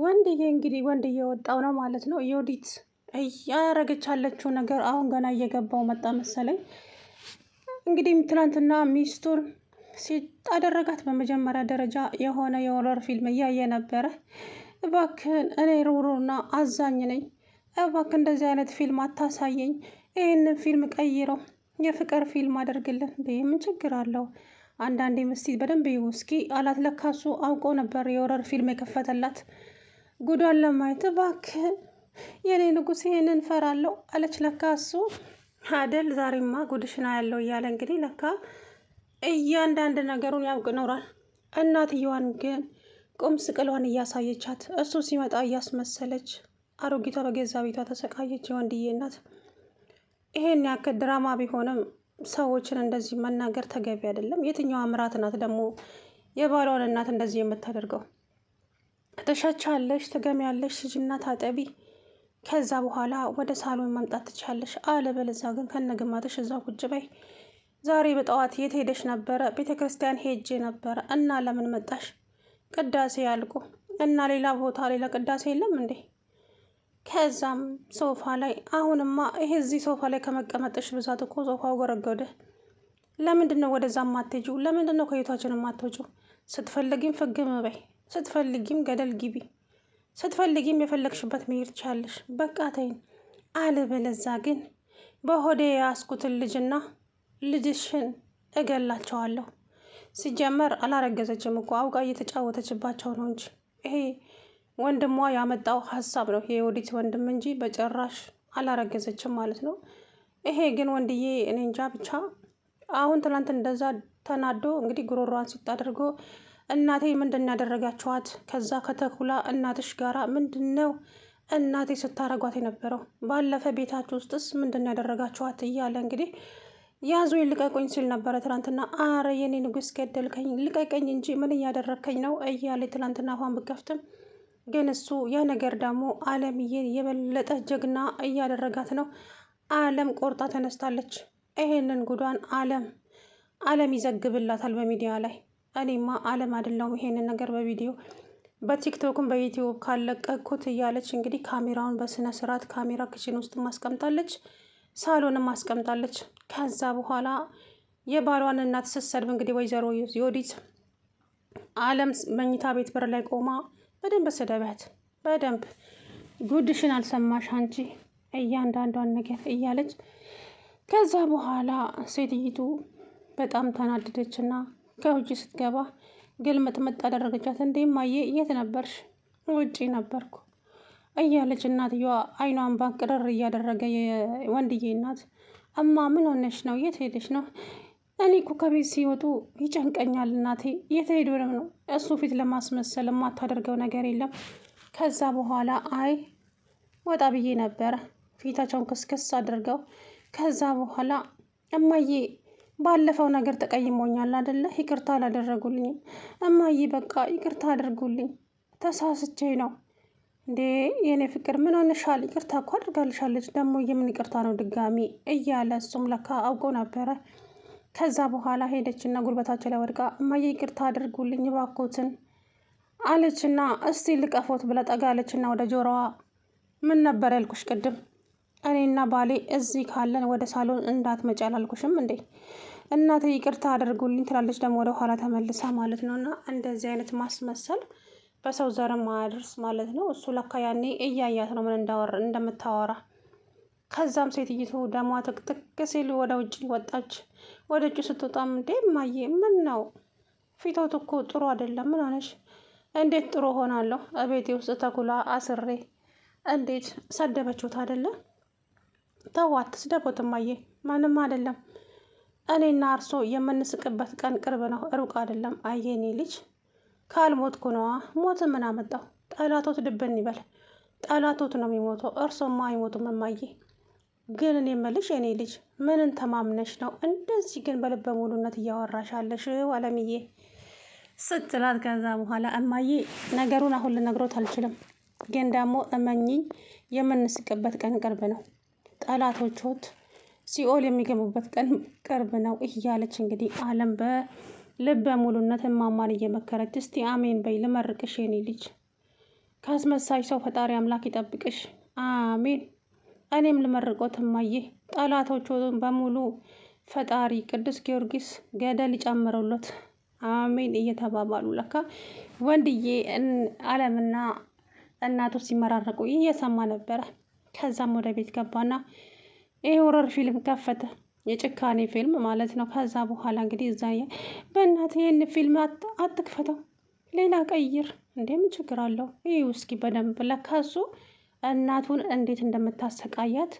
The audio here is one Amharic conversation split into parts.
ወንድዬ እንግዲህ ወንድ እየወጣው ነው ማለት ነው። ዮዲት እያረገች ያለችው ነገር አሁን ገና እየገባው መጣ መሰለኝ። እንግዲህ ትናንትና ሚስቱን ሲጣደረጋት በመጀመሪያ ደረጃ የሆነ የሆረር ፊልም እያየ ነበረ። እባክህን እኔ ሩሩና አዛኝ ነኝ፣ እባክህ እንደዚህ አይነት ፊልም አታሳየኝ፣ ይህንን ፊልም ቀይረው የፍቅር ፊልም አድርግልን። ምን ችግር አለው? አንዳንዴ ምስቲ በደንብ ይውስኪ አላት። ለካሱ አውቆ ነበር የሆረር ፊልም የከፈተላት። ጉዷን ለማየት ባክ የኔ ንጉስ ይሄንን ፈራለሁ አለች። ለካ እሱ አደል ዛሬማ ጉድሽና ያለው እያለ እንግዲህ ለካ እያንዳንድ ነገሩን ያውቅ ኖራል። እናትየዋን ግን ቁም ስቅሏን እያሳየቻት እሱ ሲመጣ እያስመሰለች አሮጊቷ በገዛ ቤቷ ተሰቃየች። የወንድዬ እናት ይሄን ያክል ድራማ ቢሆንም ሰዎችን እንደዚህ መናገር ተገቢ አይደለም። የትኛዋ ምራት ናት ደግሞ የባሏን እናት እንደዚህ የምታደርገው? ትሸቻለሽ፣ ትገሚያለሽ፣ ሂጂና ታጠቢ። ከዛ በኋላ ወደ ሳሎን መምጣት ትችያለሽ። አለበለዚያ ግን ከነግማትሽ እዛ ቁጭ በይ። ዛሬ በጠዋት የት ሄደሽ ነበረ? ቤተ ክርስቲያን ሄጄ ነበረ። እና ለምን መጣሽ? ቅዳሴ ያልቁ እና ሌላ ቦታ ሌላ ቅዳሴ የለም እንዴ? ከዛም ሶፋ ላይ አሁንማ፣ ይሄ እዚህ ሶፋ ላይ ከመቀመጥሽ ብዛት እኮ ሶፋው ጎረጎደ። ለምንድን ነው ወደዛ ማትጁ? ለምንድን ነው ከቤታችን ማትወጪው? ስትፈልጊም ፍግም በይ። ስትፈልጊም ገደል ግቢ፣ ስትፈልጊም የፈለግሽበት መሄድ ቻለሽ። በቃ ተይን። አለበለዛ ግን በሆዴ የያዝኩትን ልጅና ልጅሽን እገላቸዋለሁ። ሲጀመር አላረገዘችም እኮ አውቃ እየተጫወተችባቸው ነው እንጂ ይሄ ወንድሟ ያመጣው ሀሳብ ነው፣ የወዲት ወንድም እንጂ በጭራሽ አላረገዘችም ማለት ነው። ይሄ ግን ወንድዬ እኔ እንጃ ብቻ አሁን ትናንት እንደዛ ተናዶ እንግዲህ ጉሮሯን ሲት አድርጎ እናቴ ምንድን ያደረጋችኋት? ከዛ ከተኩላ እናትሽ ጋራ ምንድን ነው እናቴ ስታረጓት የነበረው? ባለፈ ቤታችሁ ውስጥስ ምንድን ያደረጋችኋት? እያለ እንግዲህ ያዙ ልቀቁኝ ሲል ነበረ ትላንትና። አረ የኔ ንጉስ ገደልከኝ፣ ልቀቀኝ እንጂ ምን እያደረግከኝ ነው እያለ ትላንትና አፏን ብከፍትም ግን እሱ ያ ነገር ደግሞ አለምዬን የበለጠ ጀግና እያደረጋት ነው። አለም ቆርጣ ተነስታለች። ይሄንን ጉዷን አለም አለም ይዘግብላታል በሚዲያ ላይ እኔማ አለም አይደለሁም ይሄንን ነገር በቪዲዮ በቲክቶክም በዩቲዩብ ካለቀኩት እያለች እንግዲህ ካሜራውን በስነ ስርዓት ካሜራ ክችን ውስጥ ማስቀምጣለች፣ ሳሎንም ማስቀምጣለች። ከዛ በኋላ የባሏን እናት ስትሰድብ እንግዲህ ወይዘሮ ዮዲት አለም መኝታ ቤት በር ላይ ቆማ በደንብ ስደቢያት፣ በደንብ ጉድሽን አልሰማሽ አንቺ እያንዳንዷን ነገር እያለች ከዛ በኋላ ሴትይቱ በጣም ተናደደችና ከውጭ ስትገባ ግልምጥ ምጥ አደረገቻት። እንዴ ማየ የት ነበርሽ? ውጪ ነበርኩ እያለች እናትየዋ አይኗን ቅርር እያደረገ ወንድዬ እናት እማ ምን ሆነሽ ነው? የት ሄደሽ ነው? እኔ እኮ ከቤት ሲወጡ ይጨንቀኛል እናቴ። የት ሄዶ ነው? እሱ ፊት ለማስመሰል የማታደርገው ነገር የለም። ከዛ በኋላ አይ ወጣ ብዬ ነበረ። ፊታቸውን ክስክስ አድርገው ከዛ በኋላ እማዬ ባለፈው ነገር ተቀይሞኛል አደለ? ይቅርታ አላደረጉልኝም። እማዬ በቃ ይቅርታ አድርጉልኝ፣ ተሳስቼ ነው። እንዴ የኔ ፍቅር ምን ሆነሻል? ይቅርታ እኮ አድርጋልሻለች። ደግሞ የምን ይቅርታ ነው ድጋሚ እያለ እሱም ለካ አውቆ ነበረ። ከዛ በኋላ ሄደችና ጉልበታቸው ላይ ወድቃ እማዬ ይቅርታ አድርጉልኝ እባክዎትን አለችና እስቲ ልቀፎት ብላ ወደ ጆሮዋ ምን ነበር ያልኩሽ ቅድም እኔና ባሌ እዚህ ካለን ወደ ሳሎን እንዳትመጪ አላልኩሽም እንዴ? እናቴ ይቅርታ አድርጉልኝ ትላለች። ደግሞ ወደ ኋላ ተመልሳ ማለት ነው። እና እንደዚህ አይነት ማስመሰል በሰው ዘር ማያደርስ ማለት ነው። እሱ ለካ ያኔ እያያት ነው ምን እንደምታወራ። ከዛም ሴትይቱ ደሟ ትቅትቅ ሲል ወደ ውጭ ወጣች። ወደ ውጭ ስትወጣም እንዴ ማየ ምን ነው ፊቶት እኮ ጥሩ አይደለም። ምን ሆነሽ? እንዴት ጥሩ ሆናለሁ? እቤቴ ውስጥ ተኩላ አስሬ እንዴት ሰደበችሁት አይደለም ተው አትስደቡት እማዬ፣ ማንም አይደለም። እኔና እርሶ የምንስቅበት ቀን ቅርብ ነው፣ ሩቅ አይደለም። አየኔ ልጅ ካልሞትኩ ነዋ። ሞት ምን አመጣው? ጠላቶት ድብን ይበል። ጠላቶት ነው የሚሞተው፣ እርሶማ አይሞቱም እማዬ። ግን እኔ የምልሽ የኔ ልጅ ምንን ተማምነሽ ነው እንደዚህ ግን በልበ ሙሉነት እያወራሻለሽ አለምዬ ስትላት፣ ከዛ በኋላ እማዬ ነገሩን አሁን ልነግሮት አልችልም፣ ግን ደግሞ እመኝኝ የምንስቅበት ቀን ቅርብ ነው ጠላቶችዎት ሲኦል የሚገቡበት ቀን ቅርብ ነው እያለች እንግዲህ አለም በልበ ሙሉነት እማማን እየመከረች እስቲ አሜን በይ ልመርቅሽ የኔ ልጅ ካስመሳይ ሰው ፈጣሪ አምላክ ይጠብቅሽ አሜን እኔም ልመርቆት እማዬ ጠላቶቹን በሙሉ ፈጣሪ ቅዱስ ጊዮርጊስ ገደል ይጨምረውሎት አሜን እየተባባሉ ለካ ወንድዬ አለምና እናቱ ሲመራረቁ እየሰማ ነበረ ከዛም ወደ ቤት ገባና ይሄ ሆረር ፊልም ከፈተ፣ የጭካኔ ፊልም ማለት ነው። ከዛ በኋላ እንግዲህ እዛ በእናት ይህን ፊልም አትክፈተው፣ ሌላ ቀይር። እንደምን ችግር አለው? ይህ ውስኪ በደንብ ለካሱ እናቱን እንዴት እንደምታሰቃያት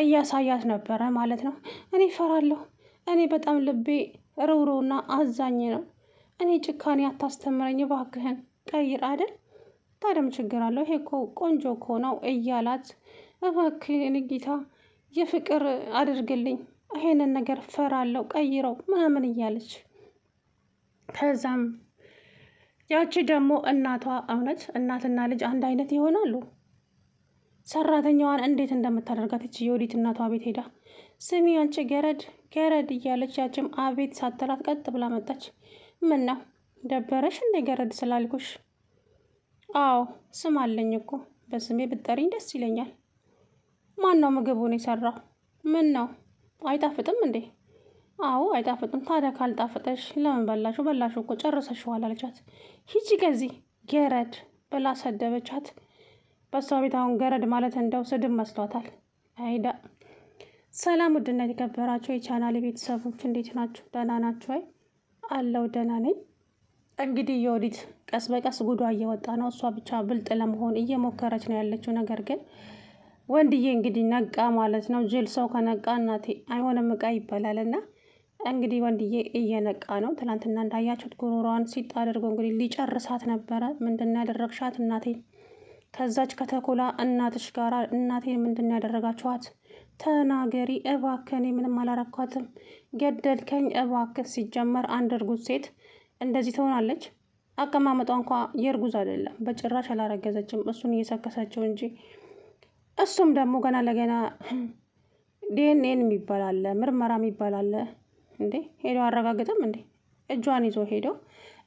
እያሳያት ነበረ ማለት ነው። እኔ እፈራለሁ። እኔ በጣም ልቤ ርውሩና አዛኝ ነው። እኔ ጭካኔ አታስተምረኝ እባክህን ቀይር አይደል ታዲያ ችግር አለው? ይሄ እኮ ቆንጆ እኮ ነው እያላት እባክህን ጌታ የፍቅር አድርግልኝ ይሄንን ነገር ፈራለው ቀይረው ምናምን እያለች ከዛም ያቺ ደግሞ እናቷ እውነት እናትና ልጅ አንድ አይነት ይሆናሉ። ሰራተኛዋን እንዴት እንደምታደርጋት ይቺ የወዲት እናቷ ቤት ሄዳ ስሚ አንቺ ገረድ ገረድ እያለች ያችም አቤት ሳትላት ቀጥ ብላ መጣች። ምን ነው ደበረሽ እንደ ገረድ ስላልኩሽ አዎ ስም አለኝ እኮ በስሜ ብጠሪኝ ደስ ይለኛል። ማነው ምግቡን የሰራው? ምን ነው አይጣፍጥም እንዴ? አዎ አይጣፍጥም። ታዲያ ካልጣፍጠሽ ለምን በላሽው? በላሹ እኮ ጨርሰሽዋል አለቻት። ሂጂ ከዚህ ገረድ ብላ ሰደበቻት። በሷ ቤት አሁን ገረድ ማለት እንደው ስድብ መስሏታል። አይዳ ሰላም ውድና የተከበራችሁ የቻናል ቤተሰቦች እንዴት ናችሁ? ደህና ናችሁ ወይ? አለው ደህና ነኝ። እንግዲህ የወዲት ቀስ በቀስ ጉዷ እየወጣ ነው። እሷ ብቻ ብልጥ ለመሆን እየሞከረች ነው ያለችው። ነገር ግን ወንድዬ እንግዲህ ነቃ ማለት ነው። ጅል ሰው ከነቃ እናቴ አይሆንም እቃ ይባላል። እና እንግዲህ ወንድዬ እየነቃ ነው። ትናንትና እንዳያችሁት ጉሮሯን ሲጥ እንግዲህ ሊጨርሳት ነበረ። ምንድን ያደረግሻት እናቴ? ከዛች ከተኮላ እናትሽ ጋር እናቴ ምንድን ያደረጋችኋት? ተናገሪ እባክህ። እኔ ምንም አላረኳትም። ገደልከኝ እባክህ። ሲጀመር አንድ እርጉዝ ሴት እንደዚህ ትሆናለች? አቀማመጧ እንኳ የእርጉዝ አይደለም። በጭራሽ አላረገዘችም። እሱን እየሰከሰችው እንጂ እሱም ደግሞ ገና ለገና ዲኤንኤን የሚባል አለ፣ ምርመራ የሚባል አለ። እንዴ ሄዶ አረጋግጥም እንዴ እጇን ይዞ ሄዶ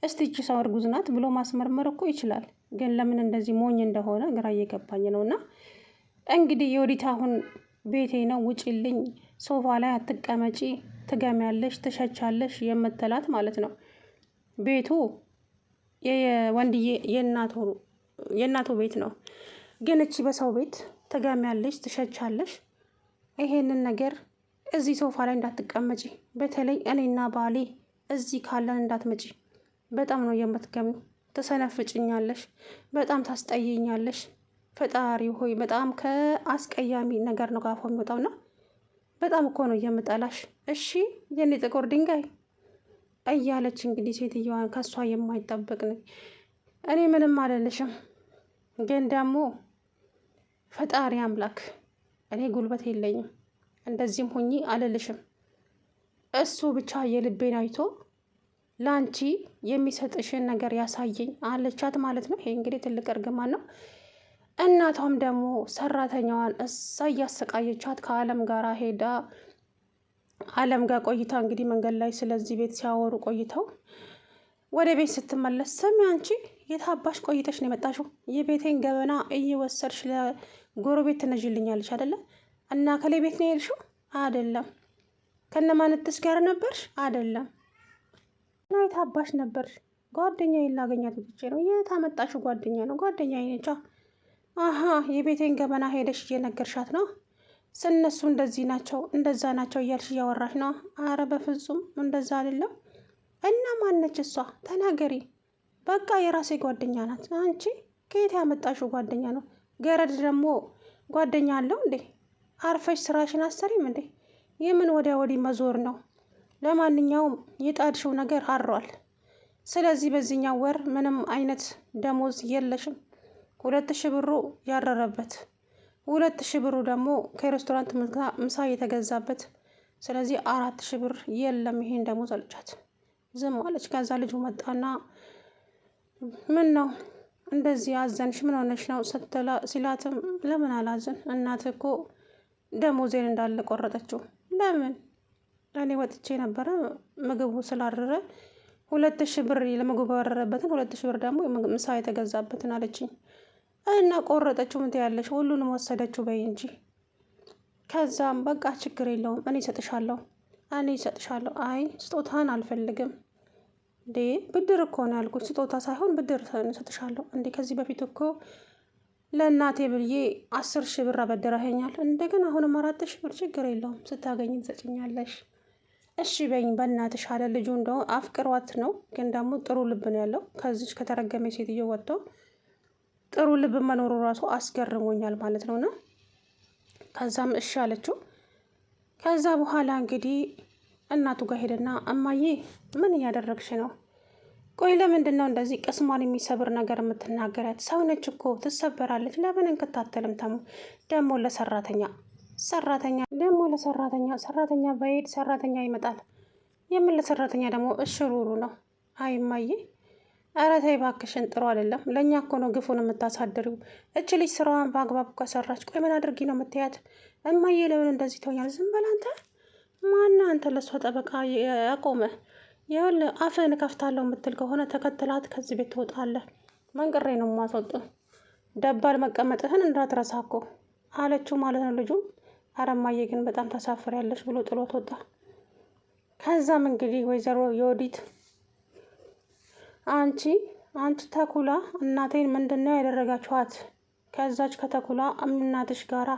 እስቲ እቺ ሰው እርጉዝ ናት ብሎ ማስመርመር እኮ ይችላል። ግን ለምን እንደዚህ ሞኝ እንደሆነ ግራ እየገባኝ ነው። እና እንግዲህ የወዲት አሁን ቤቴ ነው ውጪልኝ፣ ሶፋ ላይ አትቀመጪ፣ ትገሚያለሽ፣ ትሸቻለሽ የምትላት ማለት ነው ቤቱ ወንድዬ የእናቱ ቤት ነው። ግን እቺ በሰው ቤት ተጋሚያለሽ፣ ትሸቻለሽ። ይሄንን ነገር እዚህ ሶፋ ላይ እንዳትቀመጪ፣ በተለይ እኔና ባሌ እዚህ ካለን እንዳትመጪ። በጣም ነው የምትገሚው። ትሰነፍጭኛለሽ፣ በጣም ታስጠይኛለሽ። ፈጣሪ ሆይ በጣም ከአስቀያሚ ነገር ነው ጋፎ የሚወጣውና በጣም እኮ ነው የምጠላሽ። እሺ የኔ ጥቁር ድንጋይ እያለች እንግዲህ ሴትዮዋን ከእሷ የማይጠበቅ ነው። እኔ ምንም አልልሽም፣ ግን ደግሞ ፈጣሪ አምላክ እኔ ጉልበት የለኝም፣ እንደዚህም ሁኚ አልልሽም። እሱ ብቻ የልቤን አይቶ ለአንቺ የሚሰጥሽን ነገር ያሳየኝ አለቻት ማለት ነው። ይሄ እንግዲህ ትልቅ እርግማን ነው። እናቷም ደግሞ ሰራተኛዋን እሳ እያሰቃየቻት ከአለም ጋር ሄዳ አለም ጋር ቆይታ እንግዲህ መንገድ ላይ ስለዚህ ቤት ሲያወሩ ቆይተው ወደ ቤት ስትመለስ ስሚ አንቺ የታባሽ ቆይተሽ ነው የመጣሽው? የቤቴን ገበና እየወሰድሽ ለጎረቤት ትነዥልኛለች አይደለ? እና ከሌ ቤት ነው የሄድሽው? አይደለም። ከነማንትስ ጋር ነበርሽ? አይደለም። እና የታባሽ ነበርሽ? ጓደኛ ላገኛት ብቻ ነው። የታመጣሽው ጓደኛ ነው? ጓደኛ ይነቻ። አሀ የቤቴን ገበና ሄደሽ እየነገርሻት ነው? ስነሱ እንደዚህ ናቸው እንደዛ ናቸው እያልሽ እያወራሽ ነው። አረ በፍጹም እንደዛ አይደለም። እና ማነች እሷ ተናገሪ። በቃ የራሴ ጓደኛ ናት። አንቺ ከየት ያመጣሽው ጓደኛ ነው? ገረድ ደግሞ ጓደኛ አለው እንዴ? አርፈሽ ስራሽን አሰሪም እንዴ? የምን ወዲያ ወዲህ መዞር ነው? ለማንኛውም የጣድሽው ነገር አድሯል። ስለዚህ በዚህኛው ወር ምንም አይነት ደሞዝ የለሽም። ሁለት ሺህ ብሩ ያረረበት ሁለት ሺህ ብሩ ደግሞ ከሬስቶራንት ምሳ የተገዛበት ስለዚህ አራት ሺህ ብር የለም። ይሄን ደግሞ ዘልቻት ዝም አለች። ከዛ ልጁ መጣና ምን ነው እንደዚህ አዘንሽ? ምን ሆነሽ ነው ስትላ ሲላትም ለምን አላዘን እናት እኮ ደሞዜን እንዳለ ቆረጠችው። ለምን እኔ ወጥቼ ነበረ ምግቡ ስላረረ ሁለት ሺህ ብር ለምግቡ ያረረበትን ሁለት ሺህ ብር ደግሞ ምሳ የተገዛበትን አለችኝ። እና ቆረጠችው። ምት ያለች ሁሉንም ወሰደችው በይ እንጂ። ከዛም በቃ ችግር የለውም እኔ ይሰጥሻለሁ እኔ ይሰጥሻለሁ። አይ ስጦታን አልፈልግም እንዴ ብድር እኮ ነው ያልኩት፣ ስጦታ ሳይሆን ብድር እሰጥሻለሁ። እንዴ ከዚህ በፊት እኮ ለእናቴ ብዬ አስር ሺህ ብር አበድረኸኛል። እንደገና አሁንም አራት ሺህ ብር ችግር የለውም ስታገኝ ትሰጭኛለሽ። እሺ በኝ በእናትሽ አለ ልጁ። እንደው አፍቅሯት ነው ግን ደግሞ ጥሩ ልብ ነው ያለው። ከዚች ከተረገመ ሴትዮ ወጥቶ ጥሩ ልብ መኖሩ ራሱ አስገርሞኛል ማለት ነውና ከዛም እሺ አለችው። ከዛ በኋላ እንግዲህ እናቱ ጋር ሄደና እማዬ ምን እያደረግሽ ነው? ቆይ ለምንድን ነው እንደዚህ ቅስሟን የሚሰብር ነገር የምትናገረት? ሰውነች እኮ ትሰበራለች። ለምን እንከታተልም? ተሙ ደግሞ ለሰራተኛ ሰራተኛ ደግሞ ለሰራተኛ ሰራተኛ በሄድ ሰራተኛ ይመጣል። የምን ለሰራተኛ ደግሞ እሽሩሩ ነው። አይ እማዬ ኧረ ተይ እባክሽን ጥሩ አይደለም። ለእኛ እኮ ነው ግፉን የምታሳድሪው። እች ልጅ ስራዋን በአግባቡ ከሰራች፣ ቆይ ምን አድርጊ ነው የምትያት? እማዬ ለምን እንደዚህ ትሆኛል? ዝም በል አንተ። አንተ ለእሷ ጠበቃ ያቆመ? ይኸውልህ አፍህን እከፍታለሁ የምትል ከሆነ ተከትላት ከዚህ ቤት ትወጣለህ። መንቅሬ ነው የማስወጡህ። ደባል መቀመጥህን እንዳትረሳ እኮ አለችው ማለት ነው ልጁ። ኧረ እማዬ ግን በጣም ታሳፍሪያለሽ ብሎ ጥሎት ወጣ። ከዛም እንግዲህ ወይዘሮ የወዲት አንቺ አንቺ ተኩላ እናቴን ምንድን ነው ያደረጋችኋት? ከዛች ከተኩላ እናትሽ ጋራ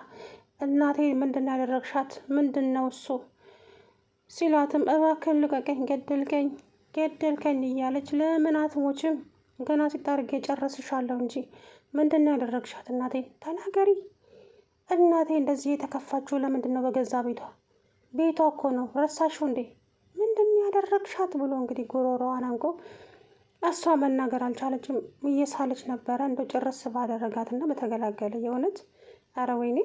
እናቴን ምንድን ያደረግሻት? ምንድን ነው እሱ ሲላትም እባክህን ልቀቀኝ፣ ገደልከኝ፣ ገደልከኝ እያለች ለምን አትሞችም? ገና ሲታርጌ ጨረስሻለሁ እንጂ ምንድን ያደረግሻት? እናቴን ተናገሪ። እናቴ እንደዚህ የተከፋችሁ ለምንድን ነው? በገዛ ቤቷ ቤቷ እኮ ነው። ረሳሽው እንዴ? ምንድን ያደረግሻት ብሎ እንግዲህ ጉሮሮዋን አንቆ እሷ መናገር አልቻለችም። እየሳለች ነበረ እንደ ጭርስ ባደረጋትና በተገላገለ የእውነት አረ ወይኔ